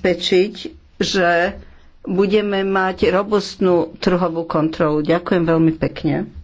zabezpečiť, že budeme mať robustnú trhovú kontrolu. Ďakujem veľmi pekne.